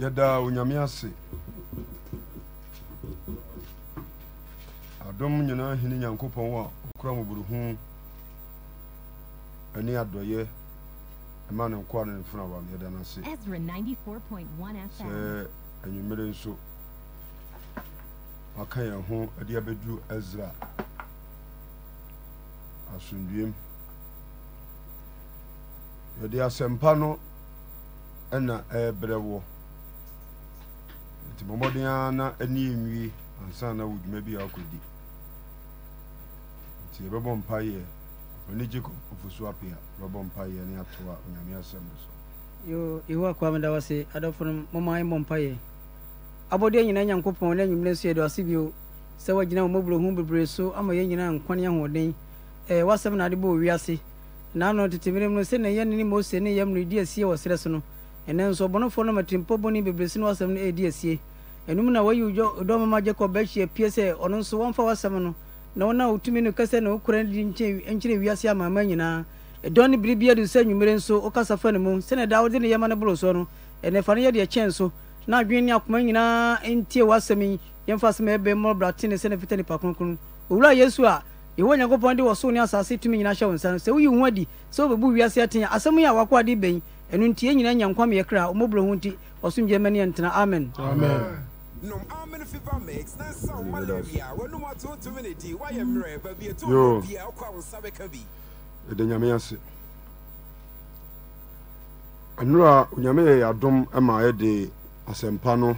yɛda onyame ase adom nyinaa hene nyankopɔn a ɔkura mmɔborohu ani adɔyɛ ɛma ne nkoa ne mfona wa no yɛda no ase sɛ anwummere nso waka yɛn ho ade abɛduru ɛsra asomdwem yɛde asɛmpa no ɛna ɛɛbrɛ wɔ nti bɔ mmɔden na ani yɛ nwie ansa na wo dwuma bi a wokɔdi nti yɛbɛbɔ mpaeɛ ɔne jacob ɔfosu apea yɛbɛbɔ mpaeɛ ne atoa onyame asɛm no so yehu akoa meda wɔ se adɔfo no moma ɛmmɔ mpaeɛ abɔdeɛ nyinaa nyankopɔn ne anwummerɛ nso yɛde ase bio sɛ woagyina wo mmɔborɔ hu bebree so ama yɛn nyinaa nkwa ne ahoɔden eh, wasɛm na ade bɔ owi ase naano tetemere mu no sɛnea yɛne ne mose ne yɛm no ɛdi asie wɔ serɛ so no ɛnɛ nso ɔbɔnefoɔ no matirimpɔ bɔne bebree so ne wasɛm no ɛdi asie ɛnom na wayi dɔma ma jacob ahyia pie sɛ ɔno nso wɔmfa w'asɛm no na wɔn a wotumi no kasa na wokora no di nkyerɛ wiase amaama nyinaa ɛdɔn e no bere bi adu sɛ nwumere nso wokasa fa no mu sɛne daa wode ne yɛma no boro so no ɛnɛ e fa no yɛde ɛkyɛn so na adwene ne akoma nyinaa ntie w'asɛm yi yɛmfa asɛm ɛbɛ mmɔbra tene sɛne fita nipa kronkron owura yesu a yɛwɔ nyankopɔn de so ne asase tumi nyinaa hyɛ wo nsa no sɛ woyi wo adi sɛ wobɛbu wiase aten asɛm yi a wakoade bɛn ɛno nti yɛ nyinaa nya nkwameyɛ kra ɔmɔborɔ ho nti ɔsomgyamaniɛ ntena amen, amen. amen. nom amene fever mix na nsa malaria wɔnom atontom ne di woayɛ mmerɛ baabi ɛto bia wokɔ a wo nsa bɛka bi ɛda nyame ase ɛnora onyame yɛ yɛadom ma yɛde asɛmpa no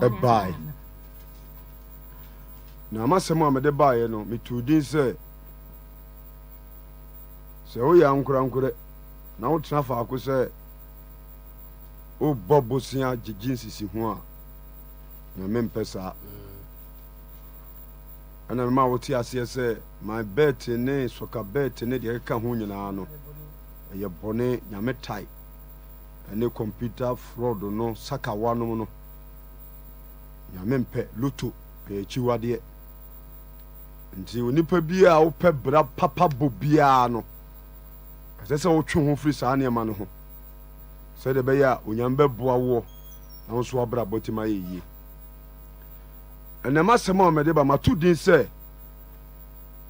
ɛbae na amasɛm a mede baeɛ no metoo din sɛ sɛ woyɛ ankorankorɛ na wotena faako sɛ wobɔ bosea gyegye nsisi ho a nyame mpɛ saa ɛna ma wote aseɛ sɛ my bet ne sɔka bet ne deɛ ɛkeka ho nyinaa no ɛyɛ bɔne nyame tae ɛne computer fraud no sakawanom no nyame mpɛ loto ɛyɛ akyiwadeɛ nti onipa bi a wopɛ bra papa bɔ biara no ɛsɛ sɛ wotwe ho firi saa nneɛma no ho sɛdeɛ ɛbɛyɛ a onyame bɛboa woɔ nanso wabrabɔ tim ayɛ yie ɛnam asɛm a mede ba mato din sɛ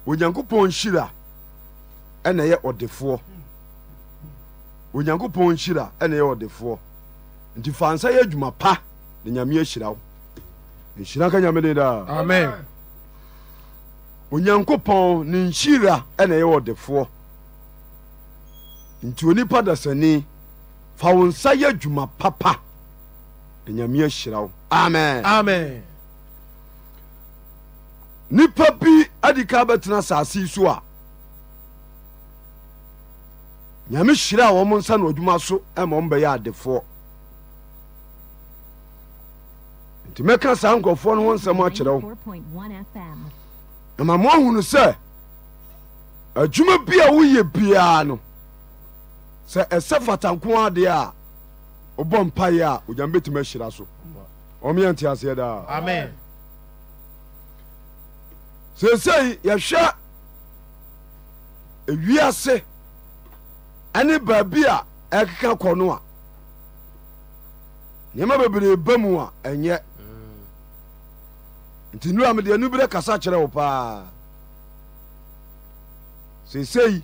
onyankopɔn nhyira ɛna ɛyɛ ɔdefoɔ onyankopɔn nhyira ɛna ɛyɛ ɔdefoɔ nti fansa yɛ adwuma pa na nyame ahyira wo nhyira ka nyame den daa amen onyankopɔn ne nhyira ɛna ɛyɛ ɔdefoɔ nti onipa dasani fa wo nsa yɛ adwuma papa na nyame ahyira wo amen amen nipa bi adi ka bɛtena asase so a nyame hyira a wɔn nsa na adwuma so ma wɔn bɛyɛ adefoɔ nti mɛka saa nkurɔfoɔ no ho nsɛm akyerɛ wo ɛma mo ahunu sɛ adwuma bi a woyɛ biara no sɛ ɛsɛ fatanko adeɛ a wobɔ mpaeɛ a onyame bɛtumi ahyira so ɔmeyɛ nte aseɛ daa amen seesei yɛhwɛ ewiase ɛne baabi a ɛkeka kɔ no a nneɛma bebree ba mu a ɛnyɛ nti nura mede anuberɛ kasa kyerɛ wo paa seesei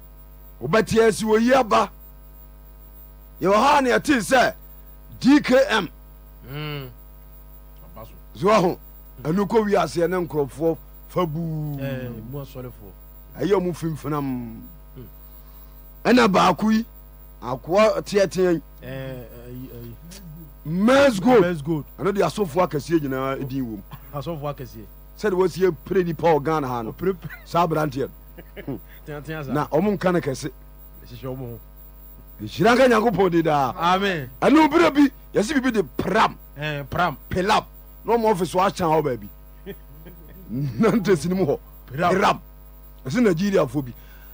wobɛteɛ asi wɔ yi aba yɛwɔ haa ne ɛtee sɛ dkm hmm. sɛ ho ɛno wiaseɛ ne nkurɔfoɔ fa buu ɛyɛ ɔmo finfinam ɛna baako yi akoa teɛteɛ mens gold ɛno de asɔfoɔ akɛseɛ nyinaa ɛdin wom sɛde wɔsie pere nipa wɔ ghana ha no saa aberanteɛ no na ɔmo nka no kɛse nhyira nka nyankopɔn de daa ɛno berɛ bi yɛse biribi de pram pilam na ɔma ɔfe so akyɛn hɔ baabi nante sinimu hɔ ram ɛsɛ nigeria fo bi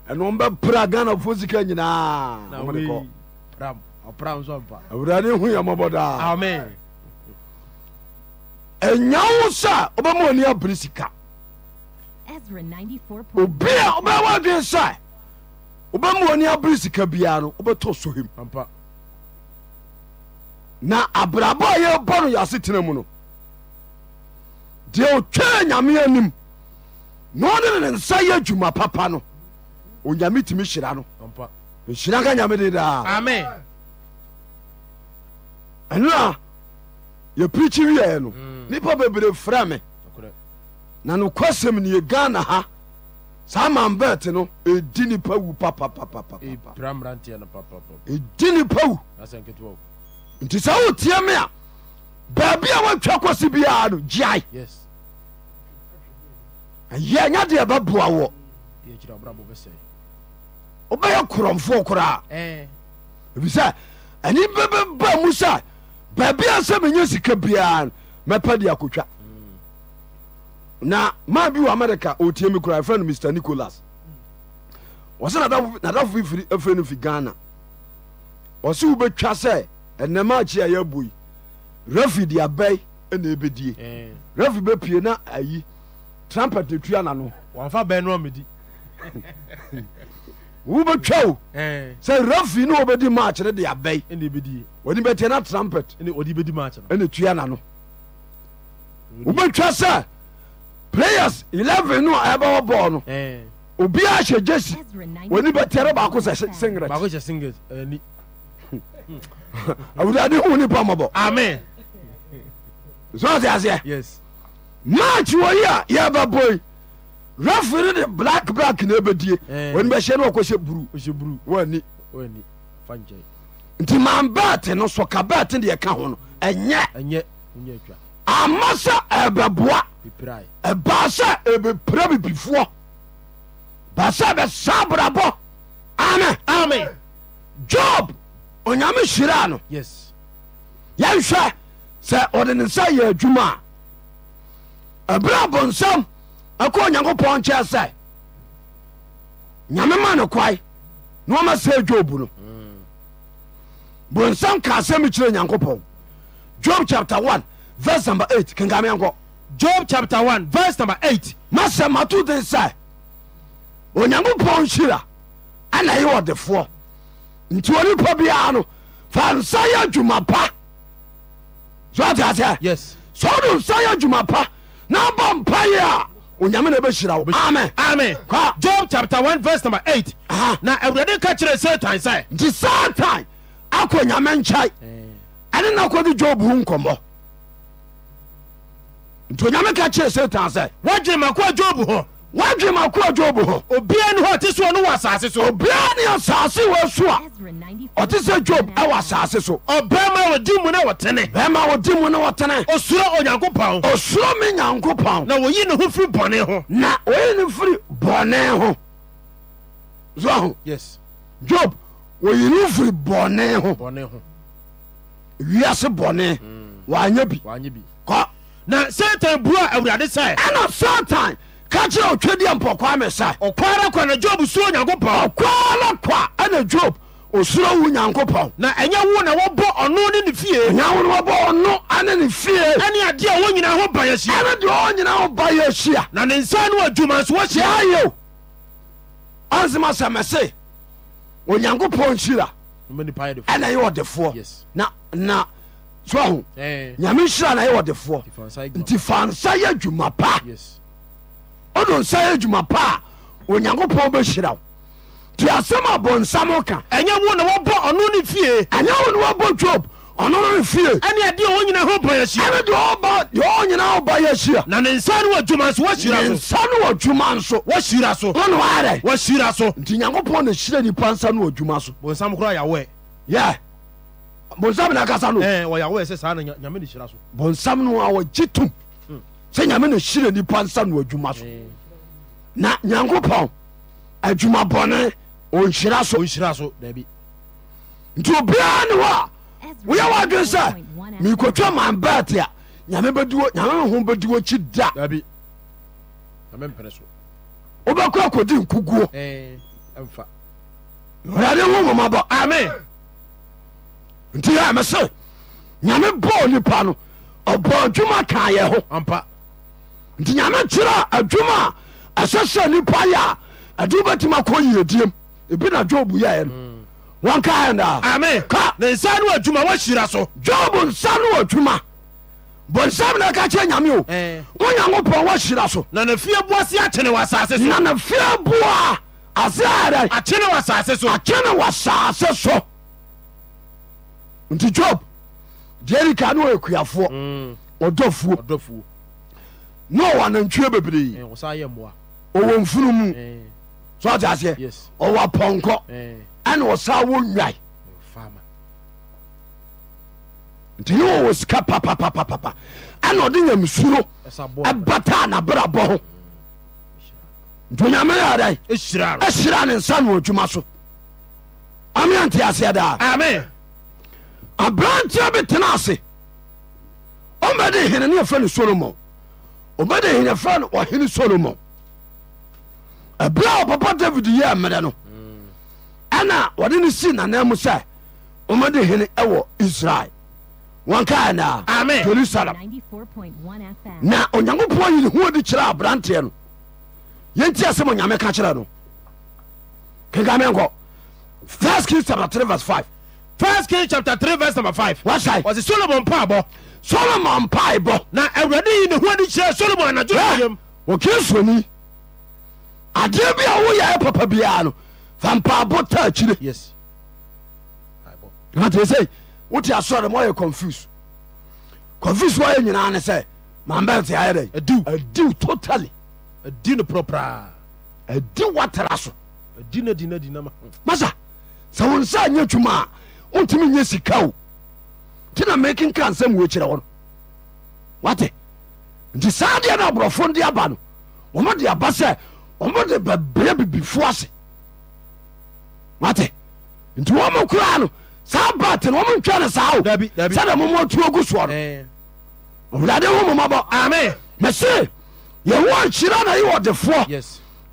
ɛno bɛpra ghana fo sika nyinaa awurade hu yɛ mɔbɔ daa ɛnya wo sɛ wobɛma ɔni abere sika obi a wobɛwɔ adwen sɛ wobɛma ɔni abere sika biara no wobɛtɔ sɔhem na abrabɔ a yɛbɔ no yɛase mu no deɛ ɔtwa nyame anim na ɔne ne nsa yɛ adwuma papa no onyame tumi hyira no nhyira nka nyame de daa ɛno a yɛpirikyi wieɛ no mm. nipa bebree frɛ me na nokwasɛm ne yɛ ghana ha saa mambɛt no ɛdi nipa wu papapapapa ɛdi nipa wu nti sɛ wotie me a baabi a woatwa kɔsi biara no gyae ɛyɛ nya deɛ ɛbɛboa wɔ wobɛyɛ korɔmfoɔ koraa ebisɛ ɛne bɛbɛba mu sɛ baabi a sɛ menya sika biara no mɛpɛ de akotwa hmm. na ma bi wɔ amerika ɔtie mi koraa ɛfrɛ no mr nicholas wɔsɛ nadafo bi firi afiri no fi ghana ɔse wobɛtwa sɛ ɛnɛma akyi a yɛabɔ yi refi de abɛn ɛna ebedie refi bɛ pie na ayi trumpet tuya n'ano. wàmfa bɛn nù ɔmìdí. wo bɛ twɛ o sɛ refi ni o bɛ di match de abɛn ɛna ebedie oni bɛ tie na trumpet ɛna odi bɛ di match n'ano wo bɛ twɛ sɛ players eleven nu a ɛbɛwɔ bɔɔl no obiara hyɛ jesi oni bɛ tie na baako sɛ singlet. baako sɛ singlet ɛni. awurade hu nipa mɔbɔ. amen sọọsi aseɛ match wɔ yi a yɛbɛbɔ yi refere de black black na ebedie eh. wɔn bɛhyɛ no ɔkɔhyɛ buru wɔni nti maa bɛɛte no sɔ ka bɛɛte deɛ ɛka ho no ɛnyɛ ama sɛ ɛbɛboa ɛbaa sɛ ɛbɛpira bibifoɔ baa sɛ ɛbɛsa abrabɔ amen amen job onyame hyiraa no yɛnhwɛ yes. ɛodene sɛ yɛ jumaa ɛbra bnsa akɔ nyankopɔ kɛsɛ nyame mano kwae newɔmasɛ job no bunsam kaa sɛ me kyire nyankopɔ job chapta oe ves n eit kamk job chapta e vs nb eit masɛ matu de sɛ nyankopɔ syira ana yewɔdefoɔ ntn paa nnayɛa sotaseɛ sɛ wode nsa yɛ adwuma pa na bɔ mpayɛ a onyame na ɛbɛhyira wo amen amen job chapter one verse number 8 na awurade ka kyerɛ satan sɛ nti satan akɔ nyame nkyɛe ɛne na kɔde job ho nkɔmmɔ nti onyame ka kyerɛ satan sɛ wogyere makoa job hɔ wadwe mako a job hɔ obiaa ni hɔ a ɔte soɔ no wɔ asase so obiaa ne asase wɔ so a ɔte sɛ job ɛwɔ asase so ɔbɛrima wɔdi mu na wɔtene bɛrima wɔdi mu na wɔtene ɔsuro onyankopɔn ɔsuro me nyankopɔn na wɔyi ne ho firi bɔne ho na ɔyi ne firi bɔne ho so yes job wɔyi ne firi bɔne ho bɔne ho wiase bɔne mm. wanyɛ bi kɔ na satan bua awurade sɛ ɛna satan ka kyerɛ ɔtwadeɛ mpɔkwa me sa ɔkwara kwa na job suro onyankopɔn ɔkwara kwa ana job osuro wu nyankopɔn na ɛnyɛ wo na wɔbɔ ɔno ne ne fie nyawo no wɔbɔ ɔno ane ne fie ɛne adeɛ a wɔn nyinaa ho ba yɛhyia ɛne deɛ ɔwɔ nyinaa ho ba yɛhyia na ne nsa no adwuma nso wɔhyia ayɛ o ɔnsema sɛ mɛse onyankopɔn nhyira ɛna ɛyɛ ɔdefoɔ na na so ho nyame nhyira na ɛyɛ ɔdefoɔ nti fa nsa yɛ pa yes ɔno nsa yɛ adwuma pa a onyankopɔn bɛhyira wo nti asɛm abɔnsam ka ɛnyɛ wo na wɔbɔ ɔno ne fie ɛnyɛ wo na wɔbɔ dwob ɔno no ne fie ɛne ɛdeɛ wɔ nyina ho bɔ yɛhyia ɛne deɛ ɔba deɛ ɔ nyina ɔba yɛhyia na ne nsa no wɔ adwuma nso wɔhyira so nsa no wɔ adwuma nso wɔhyira so ɔno ayɛdɛ wɔhyira so nti nyankopɔn na hyira nipa nsa no wɔ adwuma so bɔnsam koraa yɛawoɛ yɛ bɔnsam na akasa no wɔyɛawoɛ sɛ saa na nyame ne hyira so bɔnsam no a wɔgye tom sɛ nyame ne hyire nipa nsa no adwuma so na nyankopɔn adwuma bɔne ɔnhyira so ɔnhyira so dabi nti obiara ne hɔ a woyɛ wɔadwen sɛ meekɔtwa manbɛte a nyame bɛdiwo nyame ho bɛdiwo kyi da dabi nyame mpene so wobɛkɔ akɔdi nkuguo ɛmfa awurade ho mmɔmɔbɔ amen nti ɛ me se nyame bɔɔ nipa no ɔbɔ adwuma kaa yɛ ho ampa nti nyame kyerɛ adwuma a ɛsɛ sɛ nipa yɛ a ɛde wobɛtumi akɔ yiediem ebi na job yɛɛ no mm. wɔn ka ɛ daa ame ka ne nsa no adwuma wɔahyira so job nsa no adwuma bɔnsam na ɛka kyerɛ nyame o wo eh. nyankopɔn wɔahyira so na ne fie boa se akyene wɔ asase so na ne fie boa ase akyene wɔ asase so akyene wɔ asase so nti job deɛ ɛdi ne wɔyɛ kuafoɔ mm. ɔdɔfuo na ɔwɔ anantwie bebree ɔwɔ mfunu mu so ɔte aseɛ ɔwɔ pɔnkɔ ɛne ɔsa wɔ nwae nti ne wɔwɔ sika papapapapa ɛna ɔde nyamesuro ɛbataa nabrabɔ ho nti onyame yɛdɛn ɛhyira ne nsa no adwuma so amea nte aseɛ daa aberanteɛ bi tena ase ɔmbɛde hene ne yɛfrɛ no solomon omade hinifrɛ no ɔhene solomon abrɛ ɔ papa david yi mmerɛ no ɛna wɔde no sii nana mu sɛ wɔmade hene ɛwɔ israel kanɛ jerusalem na onyankopɔn yinhodi kyerɛa branteɛ no yɛntiasɛ m nyame ka kyerɛ no kenka mnk ins haa3v5 ssolmpab solomon paibɔ sl ke sani adeɛ bia woyaɛ papa bia no fampabɔ ta kyiretse woti asɔdema ayɛ confuse confuse ayɛ nyina ne sɛ maaaɛalai no prɔpra aiwatra soaway naikransamkron tsaade nabrfo deabano mde ba s ɔmde bbr bibifosetkora n saabatentwane saao sɛdmtk se iranydefo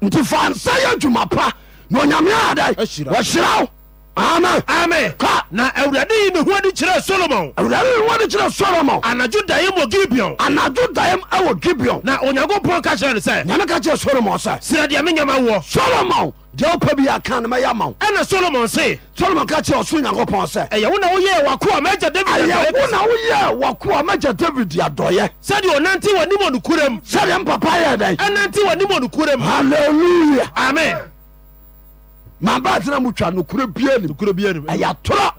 ntfansayauma pa nyaer amen amen ka na awurade yi ne ho adi kyerɛ solomon awurade yi ne ho adi kyerɛ solomon anadwo daeɛ wɔ gibeon anadwo daeɛ ɛwɔ gibeon na onyankopɔn ka kyerɛ no sɛ nyame ka kyerɛ solomon sɛ sira deɛ menyama woɔ solomon deɛ wopɛ bi aka no mɛyɛ ma wo ɛna solomon se solomon ka kyerɛ ɔsoro nyankopɔn sɛ ɛyɛ wo na woyɛɛ wakoa magya david ɛyɛwo na woyɛɛ wakoa magya david adɔyɛ sɛdeɛ ɔnante wɔ nimɔ nokuram sɛdeɛ mpapa yɛ dɛn ɛnante wɔ nimɔ nokuram halleluya amen maba tena mu twa nokora bia nim ɛyɛ atorɔ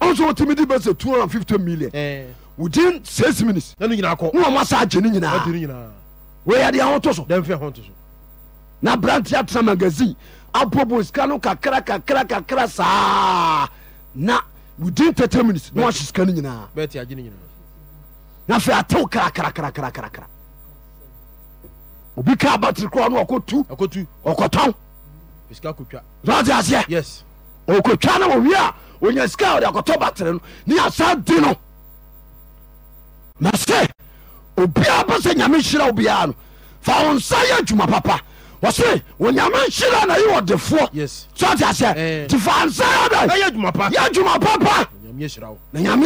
ɔnso two hundred and fifty million eh. within six minutes ne wɔma sa agye no nyinaa weyɛde ho to so na brante atena magazine abobo sika no kakra kakra kakra saa na within thirty minutes ni na wahye kara kara kara kara afei atew krakrakrakrakrakraobi ka batiri kora tu. ɔkɔtu ɔkɔtɔn sɛ ɔkɔtwa no wɔwie a ɔnya sika ɔde akɔtɔ batere no ne yɛasa di no na sɛ obiaa bɛ nyame nhyira wo no fa wo nsa yɛ adwuma papa wɔse onyame nhyira na yɛ ɔdefoɔ Yes. ɔte aseɛ eh. nti fa nsa yɛ adwuma papa na nyame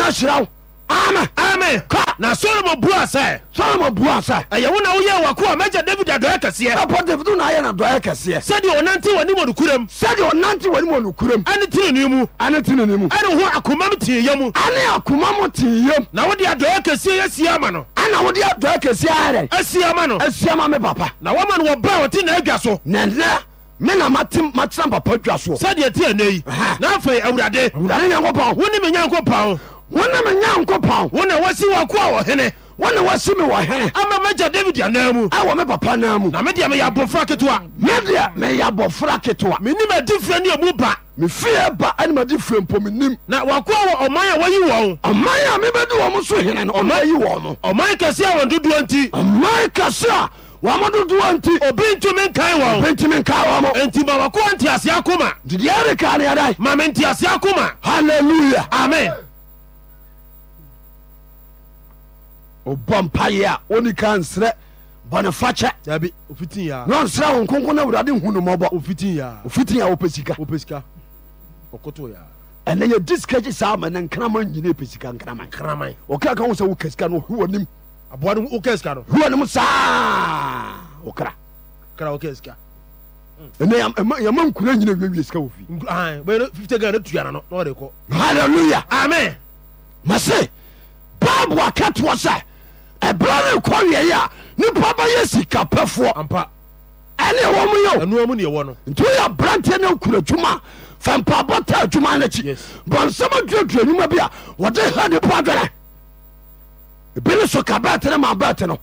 ahyira wo amen amen ka na solomo bua sɛ solomo bua sɛ ɛyɛ wo na woyɛ wako a mɛgya david adɔyɛ kɛseɛ ɛpɔ david wo na ayɛ no adɔyɛ kɛseɛ sɛdeɛ ɔnante w'anim ɔnokuram sɛdeɛ ɔnante w'anim ɔnokuram ɛne tenene mu ɛne tenene mu ɛne ho akoma m mu ɛne akoma m teeyɛ na wode adɔyɛ kɛseɛ yɛ sie ama no ɛna wode adɔyɛ kɛseɛ ayɛ dɛ asie ama no asie ama papa na wama no wɔbrɛ wɔte na adwa so nɛnɛ mena matena papa dwa soɔ sɛdeɛ te anɛ yi na afei awurade awurade nyankopɔn wo ne me wɔne menya nko paw wo na wasi wako a wɔhene wɔne wasi me wɔ a ama magya david anaa mu awɔ me papa naa mu na medeɛ meyɛ abɔfra ketewa medeɛ meyɛ abɔfra ketewa menim adifirɛ ne mu ba mefie ba animade firɛ mpo menim na wako wɔ ɔman a wayi wɔn ɔman a mebɛdi wɔ mo so hene no ɔma yi wɔ no ɔman kɛse a wɔn dodoɔ nti ɔman kɛse a wɔmododoɔ nti obi ntumi nkae wɔn bɛntumi nkae wɔ mo enti ma wɔko nteaseɛ koma nti deɛ ɛreka ne ɛdae ma me nteaseɛ koma halleluya amen obɔ mpaye a oni ka nserɛ bɔnefakyɛ dabi ofiti ya na ɔnserɛ wo nkonko no awurade hu nomɔbɔ ofiti ya ofiti a wopɛ sika wopɛ sika ɔkoto ya ɛnɛ yɛ diskeji saa ma ne nkrama nyina pɛ sika nkrama nkrama ɔka ka wo sɛ woka sika no ɔhwe w'anim aboa no woka sika no hwe w'anim saa ɔkra kra woka sika ɛnɛ yɛma nkura nyina wiawie sika wɔ fi halleluya amen mase bible aka toɔ ɛberɛ ne kɔ wiei a nipa bɛyɛ sikapɛfoɔ ɛne ɛwɔ m yɛo nti woyɛ branteɛ no akura adwuma fa mpabɔ ta adwuma no akyi bɔnsɛm aduadua nnwuma bi a wɔde ha nipa adwene ebi ne so ka bɛte no ma bɛte no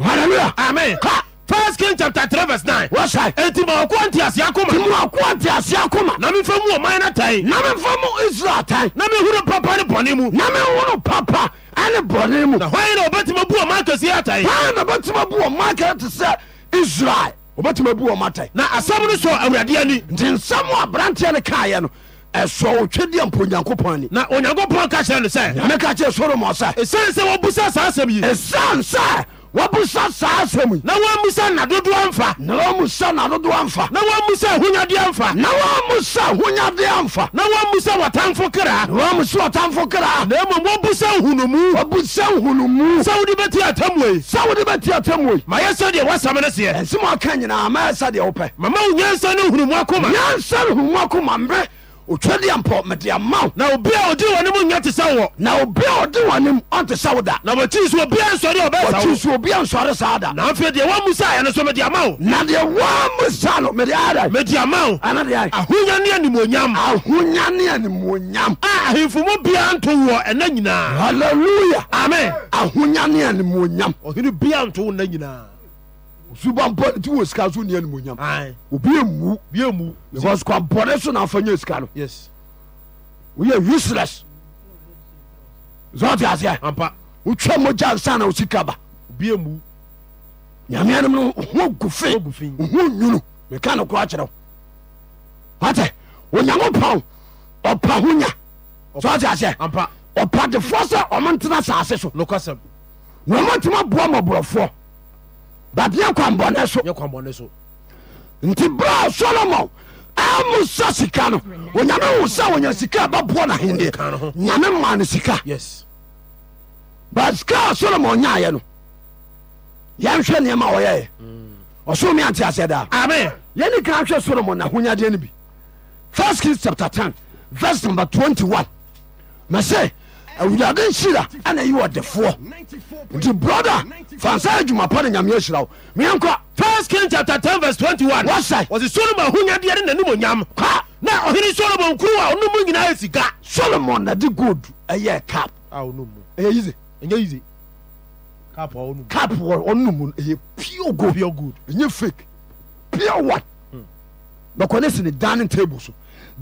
hallelujah amen ka First King chapter three verse nine. wọ́n ṣe. ètí ma ọkọ àti àṣẹ akoma. tí mo ọkọ àti àṣẹ akoma. na mi fẹ́ mu ọmọ yẹn náà tán. na mi fẹ́ mu Israel tán. na mi huru papa ni bọ̀ ni mu. na mi huru papa ane bɔne mu na hwan na wɔbɛtumi bu ɔma akɛseɛ atae hwan na bɛtumi bu ɔma akɛseɛ te sɛ israel wɔbɛtumi bu ɔma atae na asɛm no sɔ awurade ani nti nsɛm a aberanteɛ no kaeɛ no ɛsɔ wo twɛdeɛ mpo onyankopɔn ani na onyankopɔn ka kyerɛ no sɛ meka kyerɛ solomo sɛ ɛsiane sɛ wɔbu sa saa asɛm yi ɛsiane sɛ wɔbusa saa asɛm yi na wɔmusa nadodoɔ mfa na wɔmusa nadodoɔ mfa na wɔmusa ahonyadeɛ mfa na wɔmusa ahonyadeɛ mfa na wɔmusa wɔtamfo kra na wɔmusa wɔtamfo kra na mmom wɔbusa nhunumu wɔbusa nhunumu sɛ wode bɛti atamwei sɛ wode bɛti atamwei mayɛ sɛdeɛ wɔasɛm no seɛ ɛnsɛm ɔka nyinaa mayɛ sɛdeɛ wopɛ mama wo nyansa ne nhunumu akoma nyansa nhunumu akoma mmerɛ otwa deɛ mpɔ mede ama wo na obi a ɔdi wɔne mu nya te sɛ wɔ na obi a ɔde wɔne mu ɔnte sɛ wo da na wɔkyi so obia nsɔre ɔbɛsakyi so obia nsɔre saa da na afei deɛ wɔmu saa ɛno so mede ama wo na deɛ wɔmu sa no mede ada mede ama wo ɛne deɛ ahonya ne animuonyam ahonya ne animuonyam a ahemfo mu biara nto wɔ ɛna nyinaa halleluya amen ahonya ne animuonyam ɔhene biara nto wo nna nyinaa suba mpɔ ti wo sika so nia nimu nyam obi emu bi emu because kwa so n'afa nye sika no yes oyɛ useless zɔn ti aseɛ ampa otwa mo gya nsa na osi kaba obi emu nyamea no mu ho gu fi ho nyunu meka no kora kyerɛw wate onyankopɔn ɔpa ho nya aseɛ ampa ɔpadefoɔ sɛ ɔmo ntena saase so na ɔmo ntoma boa mɔborɔfoɔ. bt yɛ kwanbɔne so nti bra solomon amo sa sika no ɔnyame ho sa wonya sika baboɔ noheeɛ nyame ma no sika bat sikaa solomon nyayɛ no yɛnhwɛ nneɛma ɔyɛɛ mm. ɔsoo me ante asɛ daa yɛne kra nhwɛ solomon naahoyadeɛno bi fst ins chapa 10 vrs nmb 21 mɛsɛ awurade nhyira ana yi wɔ defoɔ nti brɔda fansa adwuma pa ne nyameɛ hyira wo meɛnkɔ first king chapter 10 verse 21 wasae wɔse solomon ahonyadeɛ ne nanim onyam ka na ɔhene solomon kuro a ɔno mu nyinaa yɛ sika solomon na de gold ɛyɛ cap ɛyɛ yize cap ɔno mu ɛyɛ pure gold pure gold ɛnyɛ fake pure one hmm. bɛkɔ ne sene dining table so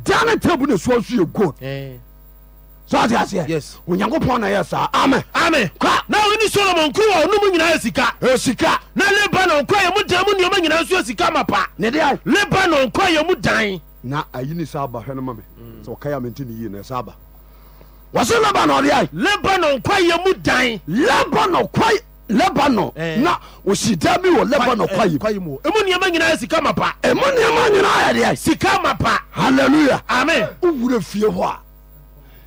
dining table ne soa so yɛ gold sọọsi aseɛ onyankopɔn na yɛ saa amen amen kwa na wɔn ni solomon kuru wa ɔnum nyinaa yɛ sika sika na lebanon kɔ yɛ mu dan mu nneɛma nyinaa nso yɛ sika ma pa ne de lebanon kɔ yɛ mu dan na ayi ni saa ba hwɛ no ma mi sɛ ɔka yɛ amenti ni yie na saa ba wɔsi lebanon de lebanon kɔ yɛ mu dan lebanon kɔ lebanon na osi dan bi wɔ lebanon kɔ yi emu nneɛma nyinaa yɛ sika ma pa emu nneɛma nyinaa yɛ de sika ma pa hallelujah amen o wura fie hɔ a.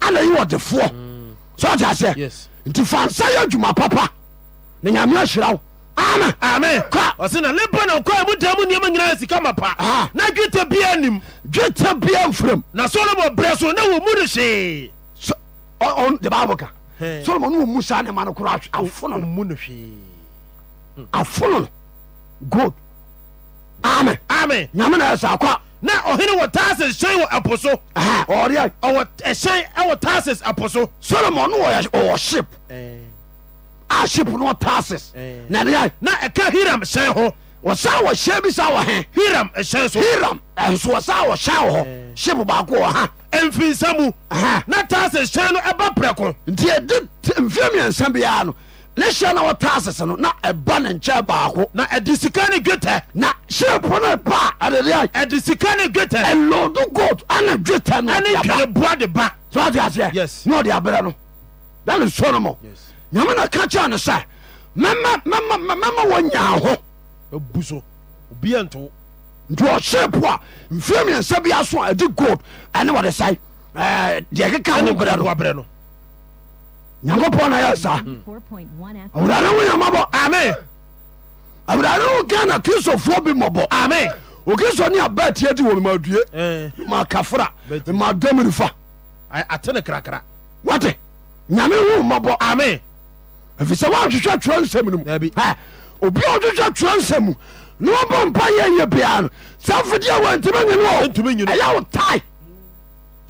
aneyi wo defoo mm. sotase nti fa nsa ya ajuma papa na yamea serao ame am ka osena lebaneko mu dmu niam nyinasi kama pa na gta bia nim data bia mfram na solomo breso na womu ne sweesolomomsfonono d ama as na ɔhene wɔ tarses hyɛn wɔ ɛpo so ɔwɔ ɛhyɛn ɛwɔ tarses ɛpo so solomon no wɔwɔ ship a ship no wɔ tarses na ɛdeɛ na ɛka hiram hyɛn ho wɔsan wɔ hyɛn bi sa wɔ he hiram ɛhyɛn so hiram ɛnso wɔsan wɔ hyɛn wɔ hɔ ship baako wɔ ha mfinsa mu na tarses hyɛn no ɛba prɛko nti ɛdi mfie mmiɛnsa biara no ne hyɛ na wɔta asese no na ɛba ne nkyɛn baako na ɛde sika ne dwetɛ na hyɛpo no pa ɛdedeɛ ɛde sika ne dwetɛ ɛlɔdo gold ana dwetɛ no ɛne dwereboa de ba so ate aseɛ na ɔde aberɛ no dane solomon nyame na Ni kyerɛ no sɛ mɛma wɔ nyaa ho ɛbu so obia nto nti ɔhyɛpo a mfie miɛnsa bi aso a ɛde gold ɛne wɔde sɛe deɛ ɛkeka ho berɛ no nyankopɔn na yɛ saa awurade wo nyamabɔ ame awurade wo ghana kristofoɔ bi mɔbɔ ame okristo ne aba tie di wɔ memadue eh. makafra madamirifa atene krakra wate nyame wo mɔbɔ ame ɛfisɛ woahwehwɛ twerɛ nsɛm no mu obi a ɔhwehwɛ twerɛ nsɛm mu na wɔbɔ mpa yɛyɛ biaa no saa mfideɛ wɔ ntimi nyene wɔ ɛyɛ wo tae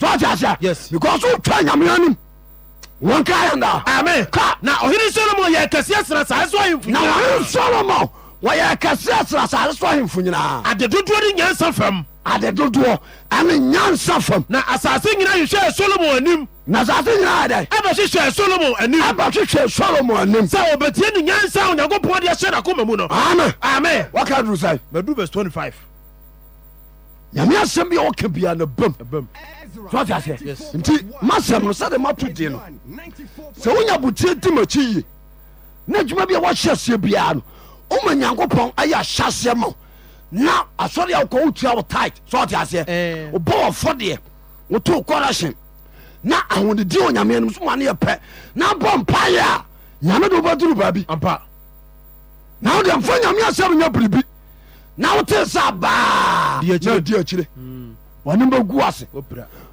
so ɔte aseɛ because wotwa nyame anim wọn ká yẹn da. ami ká na ọ̀hìnrín sọlọmọ yẹ kẹsíẹ sẹrẹ sàá sọ yìí fún yìí. na ọ̀hìnrín sọlọmọ wɔyɛ kɛseɛ srasare so ahemfo nyinaa adedodoɔ ne nyansa fam adedodoɔ ɛne nyansa fam na asase nyinaa hwehwɛɛ solomon anim na asase nyinaa dɛ ɛbɛhwehwɛɛ solomon anim ɛbɛhwehwɛɛ solomon anim sɛ wɔbɛtie ne nyansa onyankopɔn deɛ hyɛ nakoma mu no amen amen wɔka duru sɛ maduru bɛs 25 nyame asɛm bia wɔka bia no bam sɛtasɛ nti masɛm no sɛde mato de no sɛ wonya botie di makyi ye na adwuma bia wɔhyɛ aseɛ biara no woma nyankopɔn ayɛ ahyɛseɛ ma na asɔre a wokɔ wotua wo tit sɛ ɔte aseɛ eh. wobɔ wɔfɔ deɛ wotoo corruption na ahonedi wɔ nyame anom so ma pɛ na bɔ mpayɛ a nyame de wobɛduru baabi na wode mfa nyame asɛm nya biribi na wote sa baa na di akyire hmm. wɔne bɛgu ase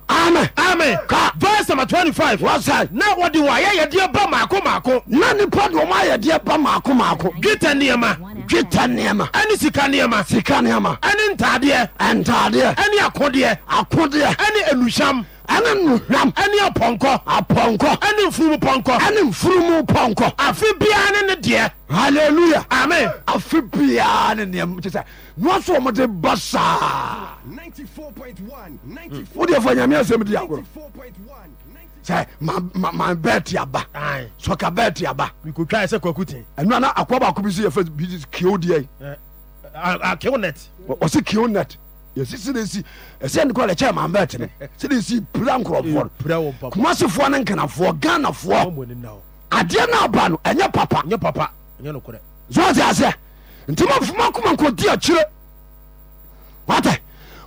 amen amen ka verse number twenty five wasa na wɔde wɔn ayɛyɛdeɛ ba maako maako na nipa de wɔn ayɛdeɛ ba maako maako dwetɛ nneɛma dwetɛ nneɛma ɛne sika nneɛma sika nneɛma ɛne ntaadeɛ ntaadeɛ ɛne akodeɛ akodeɛ ɛne enuhyam ɛne nuhwam ɛne apɔnkɔ apɔnkɔ ɛne mfurumu pɔnkɔ ɛne mfurumu pɔnkɔ afe biara ne ne deɛ hallelujah amen afe biara ne nea kye sɛ noa so ɔmode ba saa wodeɛ fa nyame asɛm di agorɔ sɛ ma aba sɔka bɛɛte aba sɛ kwaku akoa baako bi so yɛfɛ bi keo ɔse eh, eh, keo yɛsi siresi ɛsɛ ne kɔ lɛkyɛ maa bɛɛ tene siresi pira nkurɔfoɔ eh, kumasefoɔ ne nkanafoɔ ghanafoɔ adeɛ no aba no ɛnyɛ papa nyɛ papa nyɛ nokorɛ zɔn ti aseɛ nti ma fuma kuma nko di akyire wate